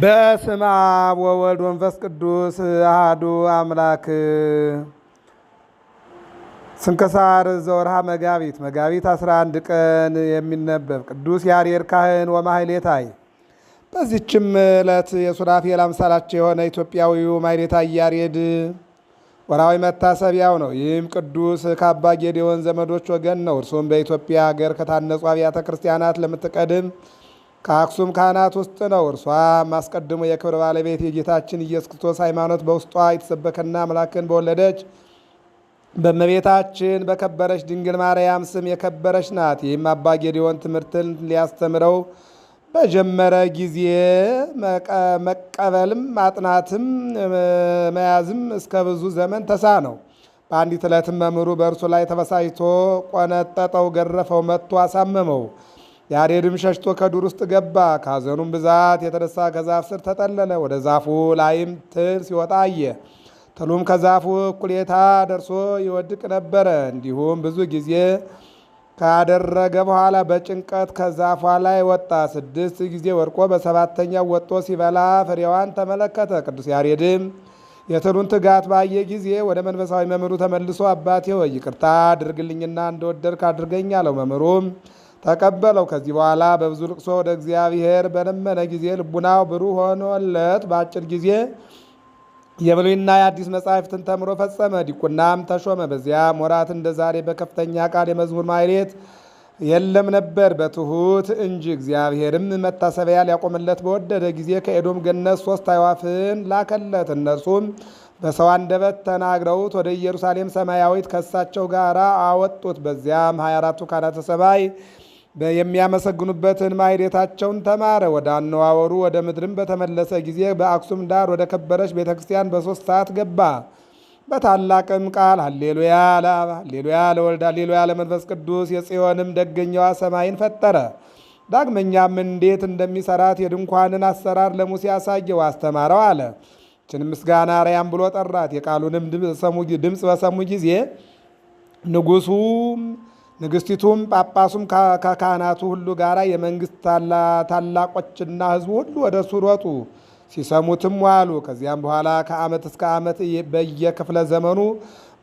በስመ አብ ወወልድ ወንፈስ ቅዱስ አሐዱ አምላክ። ስንክሳር ዘወርሃ መጋቢት መጋቢት 11 ቀን የሚነበብ ቅዱስ ያሬድ ካህን ወማህሌታይ በዚችም ዕለት የሱራፌል አምሳላቸው የሆነ ኢትዮጵያዊው ማሕሌታይ ያሬድ ወራዊ መታሰቢያው ነው። ይህም ቅዱስ ከአባ ጌዴዎን ዘመዶች ወገን ነው። እርሱም በኢትዮጵያ ሀገር ከታነጹ አብያተ ክርስቲያናት ለምትቀድም ከአክሱም ካህናት ውስጥ ነው። እርሷም አስቀድሞ የክብር ባለቤት የጌታችን ኢየሱስ ክርስቶስ ሃይማኖት በውስጧ የተሰበከና አምላክን በወለደች በእመቤታችን በከበረች ድንግል ማርያም ስም የከበረች ናት። ይህም አባ ጌዲዮን ትምህርትን ሊያስተምረው በጀመረ ጊዜ መቀበልም ማጥናትም መያዝም እስከ ብዙ ዘመን ተሳ ነው። በአንዲት ዕለትም መምህሩ በእርሱ ላይ ተበሳጭቶ ቆነጠጠው፣ ገረፈው፣ መጥቶ አሳመመው። ያሬድም ሸሽቶ ከዱር ውስጥ ገባ። ከሐዘኑም ብዛት የተነሳ ከዛፍ ስር ተጠለለ። ወደ ዛፉ ላይም ትል ሲወጣ አየ። ትሉም ከዛፉ እኩሌታ ደርሶ ይወድቅ ነበረ። እንዲሁም ብዙ ጊዜ ካደረገ በኋላ በጭንቀት ከዛፏ ላይ ወጣ። ስድስት ጊዜ ወድቆ በሰባተኛው ወጥቶ ሲበላ ፍሬዋን ተመለከተ። ቅዱስ ያሬድም የትሉን ትጋት ባየ ጊዜ ወደ መንፈሳዊ መምህሩ ተመልሶ አባቴ ሆይ ይቅርታ አድርግልኝና እንደወደድክ አድርገኝ አለው። መምህሩም ተቀበለው። ከዚህ በኋላ በብዙ ልቅሶ ወደ እግዚአብሔር በለመነ ጊዜ ልቡናው ብሩህ ሆኖለት በአጭር ጊዜ የብሉይና የአዲስ መጻሕፍትን ተምሮ ፈጸመ። ዲቁናም ተሾመ። በዚያም ወራት እንደ ዛሬ በከፍተኛ ቃል የመዝሙር ማይሌት የለም ነበር በትሁት እንጂ። እግዚአብሔርም መታሰቢያ ሊያቆምለት በወደደ ጊዜ ከኤዶም ገነት ሶስት አይዋፍን ላከለት። እነርሱም በሰው አንደበት ተናግረውት ወደ ኢየሩሳሌም ሰማያዊት ከሳቸው ጋር አወጡት። በዚያም 24ቱ ካህናተ ሰማይ የሚያመሰግኑበትን ማይዴታቸውን ተማረ። ወደ አነዋወሩ ወደ ምድርም በተመለሰ ጊዜ በአክሱም ዳር ወደ ከበረች ቤተ ክርስቲያን በሦስት ሰዓት ገባ። በታላቅም ቃል ሌሉያ ሃሌሉያ ለወልድ ሃሌሉያ ለመንፈስ ቅዱስ የጽዮንም ደገኛዋ ሰማይን ፈጠረ። ዳግመኛም እንዴት እንደሚሰራት የድንኳንን አሰራር ለሙሴ አሳየው፣ አስተማረው አለ። ችን ምስጋና ርያም ብሎ ጠራት። የቃሉንም ድምፅ በሰሙ ጊዜ ንጉሱም ንግስቲቱም ጳጳሱም ከካህናቱ ሁሉ ጋር የመንግስት ታላቆችና ህዝቡ ሁሉ ወደ እሱ ሮጡ፣ ሲሰሙትም ዋሉ። ከዚያም በኋላ ከዓመት እስከ ዓመት በየክፍለ ዘመኑ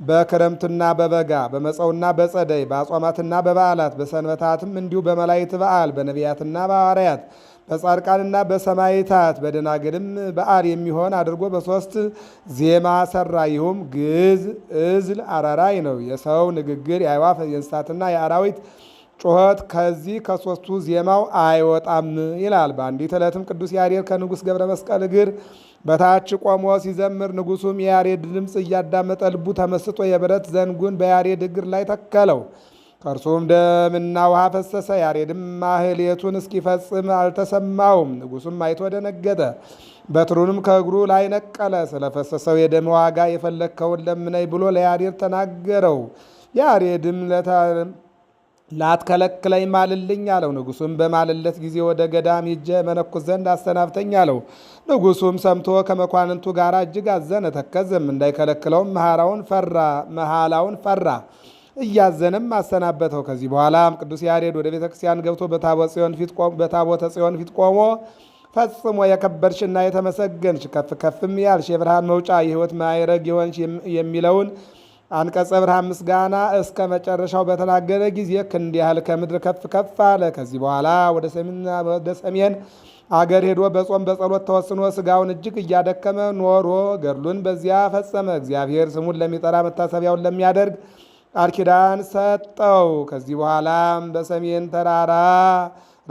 በክረምትና በበጋ በመጸውና በጸደይ በአጾማትና በበዓላት በሰንበታትም እንዲሁ በመላእክት በዓል በነቢያትና በሐዋርያት በጻድቃንና በሰማይታት በደናግልም በአር የሚሆን አድርጎ በሶስት ዜማ ሰራ። ይሁም ግዕዝ፣ እዝል፣ አራራይ ነው። የሰው ንግግር፣ የአዕዋፍ የእንስሳትና የአራዊት ጩኸት ከዚህ ከሶስቱ ዜማው አይወጣም ይላል። በአንዲት ዕለትም ቅዱስ ያሬድ ከንጉሥ ገብረ መስቀል እግር በታች ቆሞ ሲዘምር ንጉሱም የያሬድ ድምፅ እያዳመጠ ልቡ ተመስጦ የብረት ዘንጉን በያሬድ እግር ላይ ተከለው። ከእርሱም ደምና ውሃ ፈሰሰ። ያሬድም ማህሌቱን እስኪፈጽም አልተሰማውም። ንጉሱም አይቶ ደነገጠ። በትሩንም ከእግሩ ላይ ነቀለ። ስለፈሰሰው የደም ዋጋ የፈለግከውን ለምነኝ ብሎ ለያሬድ ተናገረው። ያሬድም ላትከለክለኝ ማልልኝ አለው። ንጉሱም በማልለት ጊዜ ወደ ገዳም ሂጄ መነኩስ ዘንድ አሰናብተኝ አለው። ንጉሱም ሰምቶ ከመኳንንቱ ጋር እጅግ አዘነ፣ ተከዘም። እንዳይከለክለውም መሃላውን ፈራ መሃላውን ፈራ እያዘነም አሰናበተው። ከዚህ በኋላም ቅዱስ ያሬድ ወደ ቤተ ክርስቲያን ገብቶ በታቦተ ጽዮን ፊት ቆሞ ፈጽሞ የከበርሽና የተመሰገንሽ ከፍ ከፍም ያልሽ የብርሃን መውጫ የሕይወት ማይረግ የሆንሽ የሚለውን አንቀጸ ብርሃን ምስጋና እስከ መጨረሻው በተናገረ ጊዜ ክንድ ያህል ከምድር ከፍ ከፍ አለ። ከዚህ በኋላ ወደ ሰሜን አገር ሄዶ በጾም በጸሎት ተወስኖ ስጋውን እጅግ እያደከመ ኖሮ ገድሉን በዚያ ፈጸመ። እግዚአብሔር ስሙን ለሚጠራ መታሰቢያውን ለሚያደርግ ቃል ኪዳን ሰጠው። ከዚህ በኋላም በሰሜን ተራራ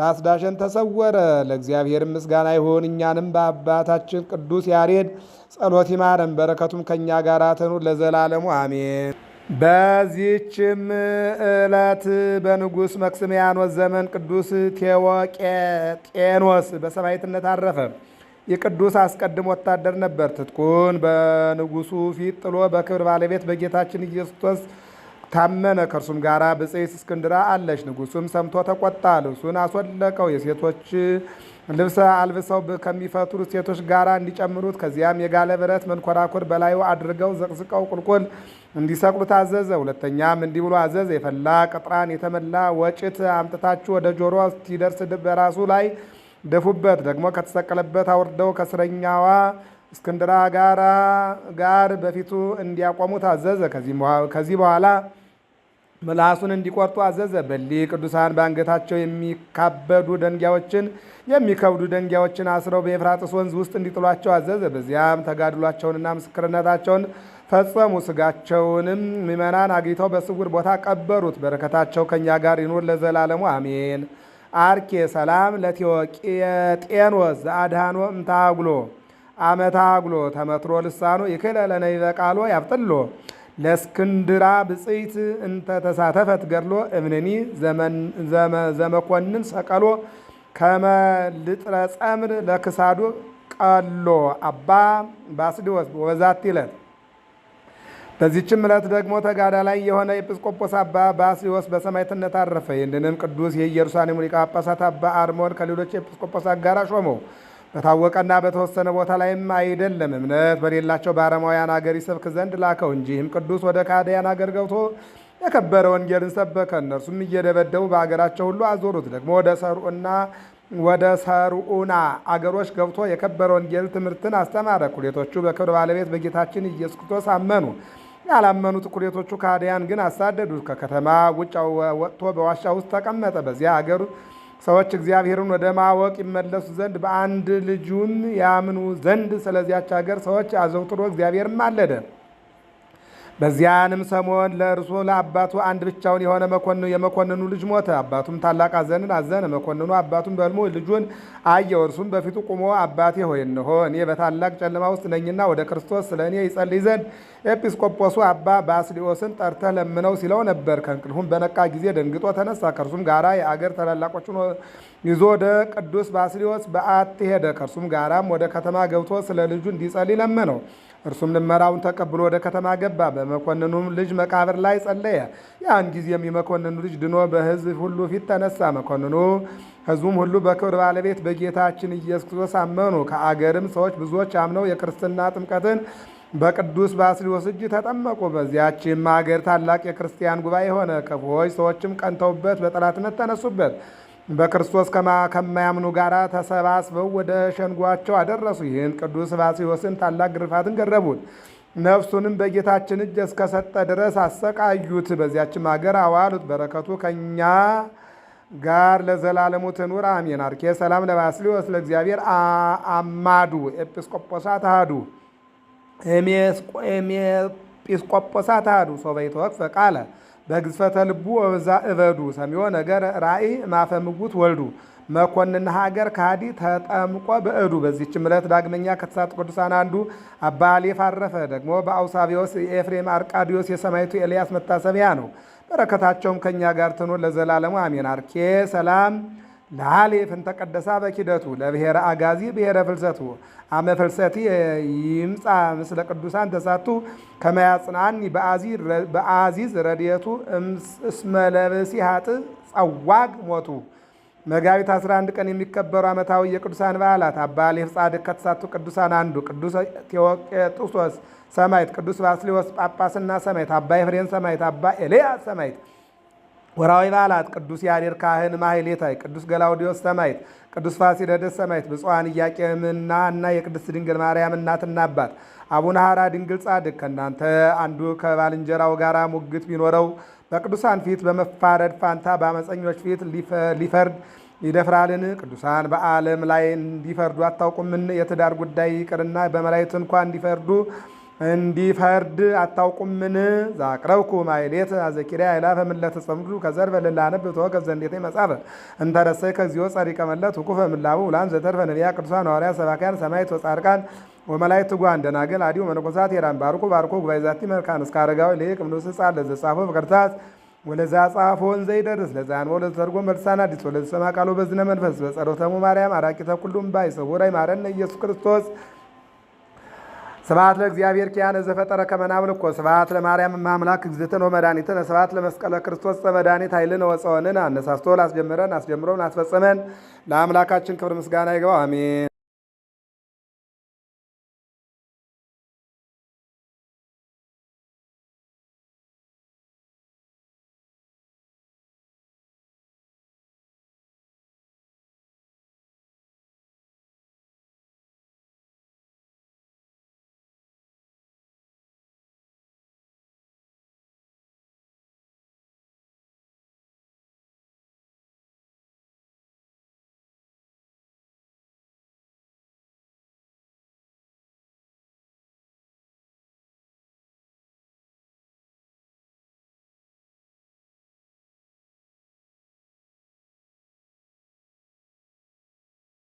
ራስ ዳሸን ተሰወረ። ለእግዚአብሔር ምስጋና ይሁን፣ እኛንም በአባታችን ቅዱስ ያሬድ ጸሎት ይማረን፣ በረከቱም ከእኛ ጋር ትኑር ለዘላለሙ አሜን። በዚህችም ዕለት በንጉሥ መክስሚያኖስ ዘመን ቅዱስ ቴዎቄጤኖስ በሰማዕትነት አረፈ። የቅዱስ አስቀድሞ ወታደር ነበር። ትጥቁን በንጉሱ ፊት ጥሎ በክብር ባለቤት በጌታችን ኢየሱስ ታመነ። ከእርሱም ጋር ብፅዕት እስክንድራ አለች። ንጉሱም ሰምቶ ተቆጣ፣ ልብሱን አስወለቀው። የሴቶች ልብስ አልብሰው ከሚፈትሩት ሴቶች ጋር እንዲጨምሩት፣ ከዚያም የጋለ ብረት መንኮራኩር በላዩ አድርገው ዘቅዝቀው ቁልቁል እንዲሰቅሉት አዘዘ። ሁለተኛም እንዲህ ብሎ አዘዘ። የፈላ ቅጥራን የተመላ ወጭት አምጥታችሁ ወደ ጆሮ እስኪደርስ በራሱ ላይ ደፉበት። ደግሞ ከተሰቀለበት አውርደው ከእስረኛዋ እስክንድራ ጋር በፊቱ እንዲያቆሙት አዘዘ። ከዚህ በኋላ ምላሱን እንዲቆርጡ አዘዘ። በሊ ቅዱሳን በአንገታቸው የሚካበዱ ደንጊያዎችን የሚከብዱ ደንጊያዎችን አስረው በኤፍራጥስ ወንዝ ውስጥ እንዲጥሏቸው አዘዘ። በዚያም ተጋድሏቸውንና ምስክርነታቸውን ፈጸሙ። ስጋቸውንም ምዕመናን አግኝተው በስውር ቦታ ቀበሩት። በረከታቸው ከእኛ ጋር ይኑር ለዘላለሙ አሜን። አርኬ ሰላም ለቴዎቄጤኖስ ዘአድሃኖ እምታግሎ አመታግሎ ተመትሮ ልሳኖ ይክለለነ ይበቃሎ ያብጥሎ ለእስክንድራ ብፅይት እንተ ተሳተፈት ገድሎ እምንኒ ዘመኮንን ሰቀሎ ከመ ልጥረ ጸምር ለክሳዱ ቀሎ አባ ባስድወስ ወበዛቲ ዕለት። በዚችም ዕለት ደግሞ ተጋዳ ላይ የሆነ ኤጲስቆጶስ አባ ባስድወስ በሰማዕትነት አረፈ። ይህንንም ቅዱስ የኢየሩሳሌም ሊቀ ጳጳሳት አባ አርሞን ከሌሎች ኤጲስቆጶሳት ጋር ሾመው። በታወቀና በተወሰነ ቦታ ላይም አይደለም፣ እምነት በሌላቸው ባረማውያን አገር ይሰብክ ዘንድ ላከው እንጂ። ይህም ቅዱስ ወደ ካህዲያን አገር ገብቶ የከበረ ወንጌልን ሰበከ። እነርሱም እየደበደቡ በአገራቸው ሁሉ አዞሩት። ደግሞ ወደ ሰሩና ወደ ሰሩኡና አገሮች ገብቶ የከበረ ወንጌል ትምህርትን አስተማረ። ኩሌቶቹ በክብር ባለቤት በጌታችን ኢየሱስ ክርስቶስ አመኑ። ያላመኑት ኩሌቶቹ ካህዲያን ግን አሳደዱት። ከከተማ ውጭ ወጥቶ በዋሻ ውስጥ ተቀመጠ። በዚያ አገር ሰዎች እግዚአብሔርን ወደ ማወቅ ይመለሱ ዘንድ በአንድ ልጁም ያምኑ ዘንድ ስለዚያች ሀገር ሰዎች አዘውትሮ እግዚአብሔርን ማለደ። በዚያንም ሰሞን ለእርሱ ለአባቱ አንድ ብቻውን የሆነ መኮንኑ የመኮንኑ ልጅ ሞተ። አባቱም ታላቅ አዘንን አዘነ። መኮንኑ አባቱም በልሞ ልጁን አየው። እርሱም በፊቱ ቁሞ አባቴ ሆይ እንሆ እኔ በታላቅ ጨለማ ውስጥ ነኝና ወደ ክርስቶስ ስለ እኔ ይጸልይ ዘንድ ኤጲስቆጶሱ አባ ባስሊዮስን ጠርተህ ለምነው ሲለው ነበር። ከእንቅልሁም በነቃ ጊዜ ደንግጦ ተነሳ። ከእርሱም ጋራ የአገር ታላላቆችን ይዞ ወደ ቅዱስ ባስሊዮስ በዓት ሄደ። ከእርሱም ጋራም ወደ ከተማ ገብቶ ስለ ልጁ እንዲጸልይ ለመነው። እርሱም ልመራውን ተቀብሎ ወደ ከተማ ገባ። በመኮንኑም ልጅ መቃብር ላይ ጸለየ። ያን ጊዜም የመኮንኑ ልጅ ድኖ በሕዝብ ሁሉ ፊት ተነሳ። መኮንኑ ሕዝቡም ሁሉ በክብር ባለቤት በጌታችን ኢየሱስ ክርስቶስ አመኑ። ከአገርም ሰዎች ብዙዎች አምነው የክርስትና ጥምቀትን በቅዱስ ባስልዮስ እጅ ተጠመቁ። በዚያችም አገር ታላቅ የክርስቲያን ጉባኤ ሆነ። ክፉዎች ሰዎችም ቀንተውበት በጠላትነት ተነሱበት። በክርስቶስ ከማያምኑ ጋር ተሰባስበው ወደ ሸንጓቸው አደረሱ። ይህን ቅዱስ ባስልዮስን ታላቅ ግርፋትን ገረቡት። ነፍሱንም በጌታችን እጅ እስከሰጠ ድረስ አሰቃዩት። በዚያችም ሀገር አዋሉት። በረከቱ ከእኛ ጋር ለዘላለሙ ትኑር አሜን። አርኬ ሰላም ለባስሊዮስ ለእግዚአብሔር አማዱ ኤጲስቆጶሳት አሃዱ ጲስቆጶሳት አሐዱ ሶበይት ወቅፍ ቃለ በግዝፈተ ልቡ ወበዛ እበዱ ሰሚዮ ነገር ራእይ ማፈምጉት ወልዱ መኮንን ሀገር ካዲ ተጠምቆ በእዱ። በዚች ምለት ዳግመኛ ከተሳቱ ቅዱሳን አንዱ አባ አሌፍ አረፈ። ደግሞ በአውሳቢዎስ የኤፍሬም አርቃዲዮስ የሰማይቱ ኤልያስ መታሰቢያ ነው። በረከታቸውም ከእኛ ጋር ትኑር ለዘላለሙ አሜን። አርኬ ሰላም ለሃሌፍን ተቀደሳ በኪደቱ ለብሔረ አጋዚ ብሔረ ፍልሰቱ አመ ፍልሰቲ ይምፃ ምስለ ቅዱሳን ተሳቱ ከመያጽናኒ በአዚዝ ረድየቱ እስመለብሲ ሀጥ ጸዋግ ሞቱ። መጋቢት 11 ቀን የሚከበሩ ዓመታዊ የቅዱሳን በዓላት አባ ሌፍ ጻድቅ ከተሳቱ ቅዱሳን አንዱ፣ ቅዱስ ቴዎቄጡሶስ ሰማይት፣ ቅዱስ ባስሌዎስ ጳጳስና ሰማይት፣ አባ ፍሬን ሰማይት፣ አባ ኤልያስ ሰማይት ወራዊ በዓላት ቅዱስ ያሬድ ካህን ማሕሌታይ፣ ቅዱስ ገላውዲዮስ ሰማይት ቅዱስ ፋሲለደስ ሰማይት ብፁዓን ኢያቄምና እና የቅድስት ድንግል ማርያም እናትና አባት አቡነ ሐራ ድንግል ጻድቅ ከእናንተ አንዱ ከባልንጀራው ጋር ሙግት ቢኖረው በቅዱሳን ፊት በመፋረድ ፋንታ በአመፀኞች ፊት ሊፈርድ ይደፍራልን? ቅዱሳን በዓለም ላይ እንዲፈርዱ አታውቁምን? የትዳር ጉዳይ ይቅርና በመላእክት እንኳ እንዲፈርዱ እንዲፈርድ አታውቁምን? ዛቅረብኩ ማይሌት አዘኪሪያ አይላፈ ምለት ጸምዱ ከዘር በለላነ ብትወገብ ዘንዴት መጻፈ እንተረሰይ ከዚዮ ጸሪቀ መለት ውቁፈ ምላቡ ውላን ዘተርፈ ነቢያ ቅዱሳን ሐዋርያ ሰባካያን ሰማይት ወጻድቃን ወመላይ ትጓ እንደናገል አዲው መነኮሳት ሄራን ባርኩ ባርኮ ጉባኤ ዛቲ መልካን እስከ አረጋዊ ልቅ ምንስ ህፃን ለዘጻፈ በከርታት ወለዛ ጻፎን ዘይደርስ ለዛን ወለ ተርጎ በልሳን አዲስ ወለ ሰማ ቃሎ በዝነ መንፈስ በጸሎተሙ ማርያም አራቂ ተኩሉም ባይ ሰውራይ ማረነ ኢየሱስ ክርስቶስ ስብሐት ለእግዚአብሔር ኪያነ ዘፈጠረ ከመናብልኮ ስብሐት ለማርያም ማምላክ እግዝእትነ መድኃኒትነ ስብሐት ለመስቀለ ክርስቶስ ዘመድኃኒት ኃይልነ ወፀወንን አነሳስቶ ላስጀምረን አስጀምሮን አስፈጸመን ለአምላካችን ክብር ምስጋና ይገባው አሜን።